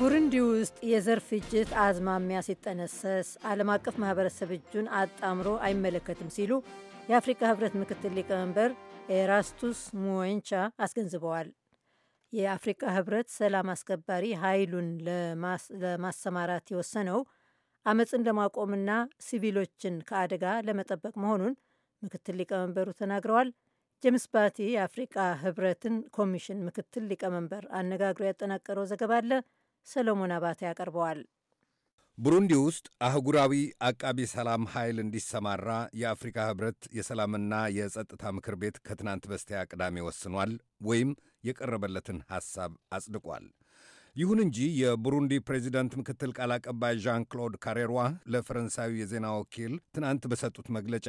ቡሩንዲ ውስጥ የዘር ፍጅት አዝማሚያ ሲጠነሰስ ዓለም አቀፍ ማህበረሰብ እጁን አጣምሮ አይመለከትም ሲሉ የአፍሪካ ህብረት ምክትል ሊቀመንበር ኤራስቱስ ሙወንቻ አስገንዝበዋል። የአፍሪካ ህብረት ሰላም አስከባሪ ኃይሉን ለማሰማራት የወሰነው አመፅን ለማቆምና ሲቪሎችን ከአደጋ ለመጠበቅ መሆኑን ምክትል ሊቀመንበሩ ተናግረዋል። ጄምስ ባቲ የአፍሪቃ ህብረትን ኮሚሽን ምክትል ሊቀመንበር አነጋግሮ ያጠናቀረው ዘገባ አለ። ሰለሞን አባተ ያቀርበዋል። ቡሩንዲ ውስጥ አህጉራዊ አቃቢ ሰላም ኃይል እንዲሰማራ የአፍሪካ ህብረት የሰላምና የጸጥታ ምክር ቤት ከትናንት በስቲያ ቅዳሜ ወስኗል ወይም የቀረበለትን ሐሳብ አጽድቋል። ይሁን እንጂ የቡሩንዲ ፕሬዚዳንት ምክትል ቃል አቀባይ ዣን ክሎድ ካሬሯ ለፈረንሳዊ የዜና ወኪል ትናንት በሰጡት መግለጫ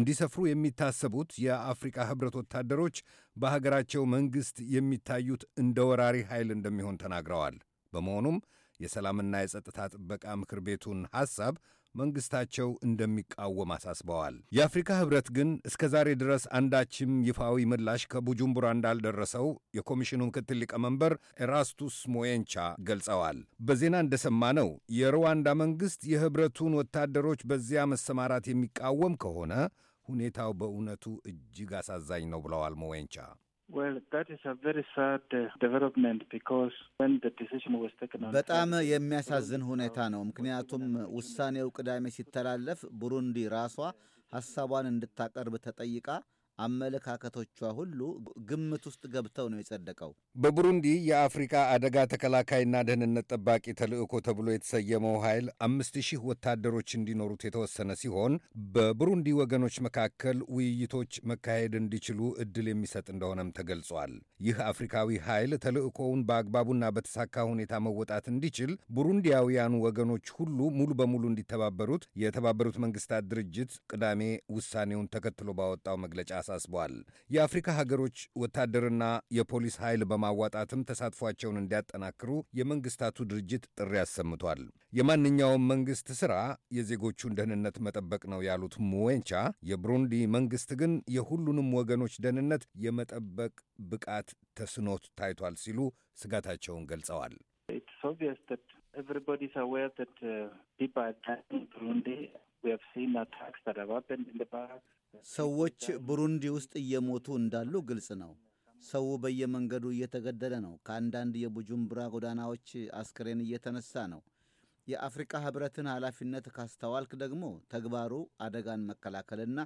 እንዲሰፍሩ የሚታሰቡት የአፍሪካ ህብረት ወታደሮች በሀገራቸው መንግሥት የሚታዩት እንደ ወራሪ ኃይል እንደሚሆን ተናግረዋል። በመሆኑም የሰላምና የጸጥታ ጥበቃ ምክር ቤቱን ሐሳብ መንግሥታቸው እንደሚቃወም አሳስበዋል። የአፍሪካ ኅብረት ግን እስከ ዛሬ ድረስ አንዳችም ይፋዊ ምላሽ ከቡጁምቡራ እንዳልደረሰው የኮሚሽኑ ምክትል ሊቀመንበር ኤራስቱስ ሞየንቻ ገልጸዋል። በዜና እንደሰማነው የሩዋንዳ መንግሥት የኅብረቱን ወታደሮች በዚያ መሰማራት የሚቃወም ከሆነ ሁኔታው በእውነቱ እጅግ አሳዛኝ ነው ብለዋል ሞዌንቻ። Uh, በጣም የሚያሳዝን ሁኔታ ነው። ምክንያቱም ውሳኔው ቅዳሜ ሲተላለፍ ቡሩንዲ ራሷ ሀሳቧን እንድታቀርብ ተጠይቃ አመለካከቶቿ ሁሉ ግምት ውስጥ ገብተው ነው የጸደቀው። በቡሩንዲ የአፍሪካ አደጋ ተከላካይና ደህንነት ጠባቂ ተልዕኮ ተብሎ የተሰየመው ኃይል አምስት ሺህ ወታደሮች እንዲኖሩት የተወሰነ ሲሆን በቡሩንዲ ወገኖች መካከል ውይይቶች መካሄድ እንዲችሉ እድል የሚሰጥ እንደሆነም ተገልጿል። ይህ አፍሪካዊ ኃይል ተልዕኮውን በአግባቡና በተሳካ ሁኔታ መወጣት እንዲችል ቡሩንዲያውያኑ ወገኖች ሁሉ ሙሉ በሙሉ እንዲተባበሩት የተባበሩት መንግስታት ድርጅት ቅዳሜ ውሳኔውን ተከትሎ ባወጣው መግለጫ አሳስበዋል። የአፍሪካ ሀገሮች ወታደርና የፖሊስ ኃይል በማዋጣትም ተሳትፏቸውን እንዲያጠናክሩ የመንግስታቱ ድርጅት ጥሪ አሰምቷል። የማንኛውም መንግስት ስራ የዜጎቹን ደህንነት መጠበቅ ነው ያሉት ሙዌንቻ፣ የብሩንዲ መንግስት ግን የሁሉንም ወገኖች ደህንነት የመጠበቅ ብቃት ተስኖት ታይቷል ሲሉ ስጋታቸውን ገልጸዋል። ሰዎች ቡሩንዲ ውስጥ እየሞቱ እንዳሉ ግልጽ ነው። ሰው በየመንገዱ እየተገደለ ነው። ከአንዳንድ የቡጁምብራ ጎዳናዎች አስክሬን እየተነሳ ነው። የአፍሪካ ሕብረትን ኃላፊነት ካስተዋልክ ደግሞ ተግባሩ አደጋን መከላከልና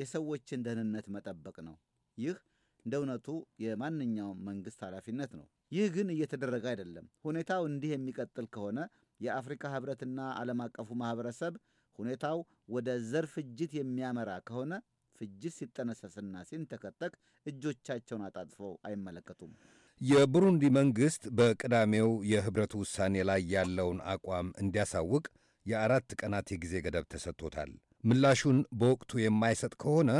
የሰዎችን ደህንነት መጠበቅ ነው። ይህ እንደ እውነቱ የማንኛውም መንግሥት ኃላፊነት ነው። ይህ ግን እየተደረገ አይደለም። ሁኔታው እንዲህ የሚቀጥል ከሆነ የአፍሪካ ሕብረትና ዓለም አቀፉ ማኅበረሰብ ሁኔታው ወደ ዘር ፍጅት የሚያመራ ከሆነ ፍጅት ሲጠነሰስና ሲንተከተክ እጆቻቸውን አጣጥፈው አይመለከቱም። የቡሩንዲ መንግሥት በቅዳሜው የኅብረቱ ውሳኔ ላይ ያለውን አቋም እንዲያሳውቅ የአራት ቀናት የጊዜ ገደብ ተሰጥቶታል። ምላሹን በወቅቱ የማይሰጥ ከሆነ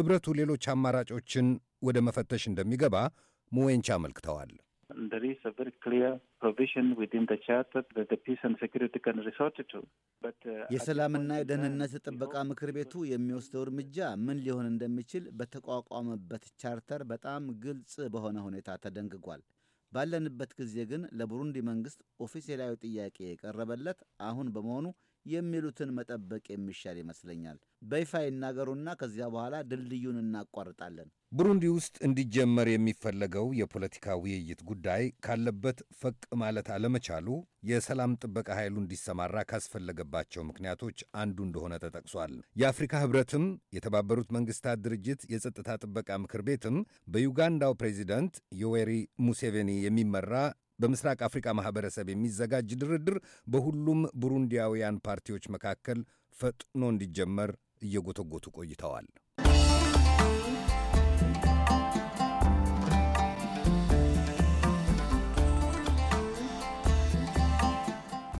ኅብረቱ ሌሎች አማራጮችን ወደ መፈተሽ እንደሚገባ ሙዌንቻ አመልክተዋል። there is a very clear provision within the charter that the peace and security can resort to. But, uh, የሰላምና የደህንነት ጥበቃ ምክር ቤቱ uh, የሚወስደው እርምጃ ምን ሊሆን እንደሚችል በተቋቋመበት ቻርተር በጣም ግልጽ በሆነ ሁኔታ ተደንግጓል። ባለንበት ጊዜ ግን ለቡሩንዲ መንግስት ኦፊሴላዊ ጥያቄ የቀረበለት አሁን በመሆኑ የሚሉትን መጠበቅ የሚሻል ይመስለኛል። በይፋ ይናገሩና ከዚያ በኋላ ድልድዩን እናቋርጣለን። ቡሩንዲ ውስጥ እንዲጀመር የሚፈለገው የፖለቲካ ውይይት ጉዳይ ካለበት ፈቅ ማለት አለመቻሉ የሰላም ጥበቃ ኃይሉ እንዲሰማራ ካስፈለገባቸው ምክንያቶች አንዱ እንደሆነ ተጠቅሷል። የአፍሪካ ሕብረትም የተባበሩት መንግስታት ድርጅት የጸጥታ ጥበቃ ምክር ቤትም በዩጋንዳው ፕሬዚደንት ዮዌሪ ሙሴቬኒ የሚመራ በምስራቅ አፍሪካ ማህበረሰብ የሚዘጋጅ ድርድር በሁሉም ቡሩንዲያውያን ፓርቲዎች መካከል ፈጥኖ እንዲጀመር እየጎተጎቱ ቆይተዋል።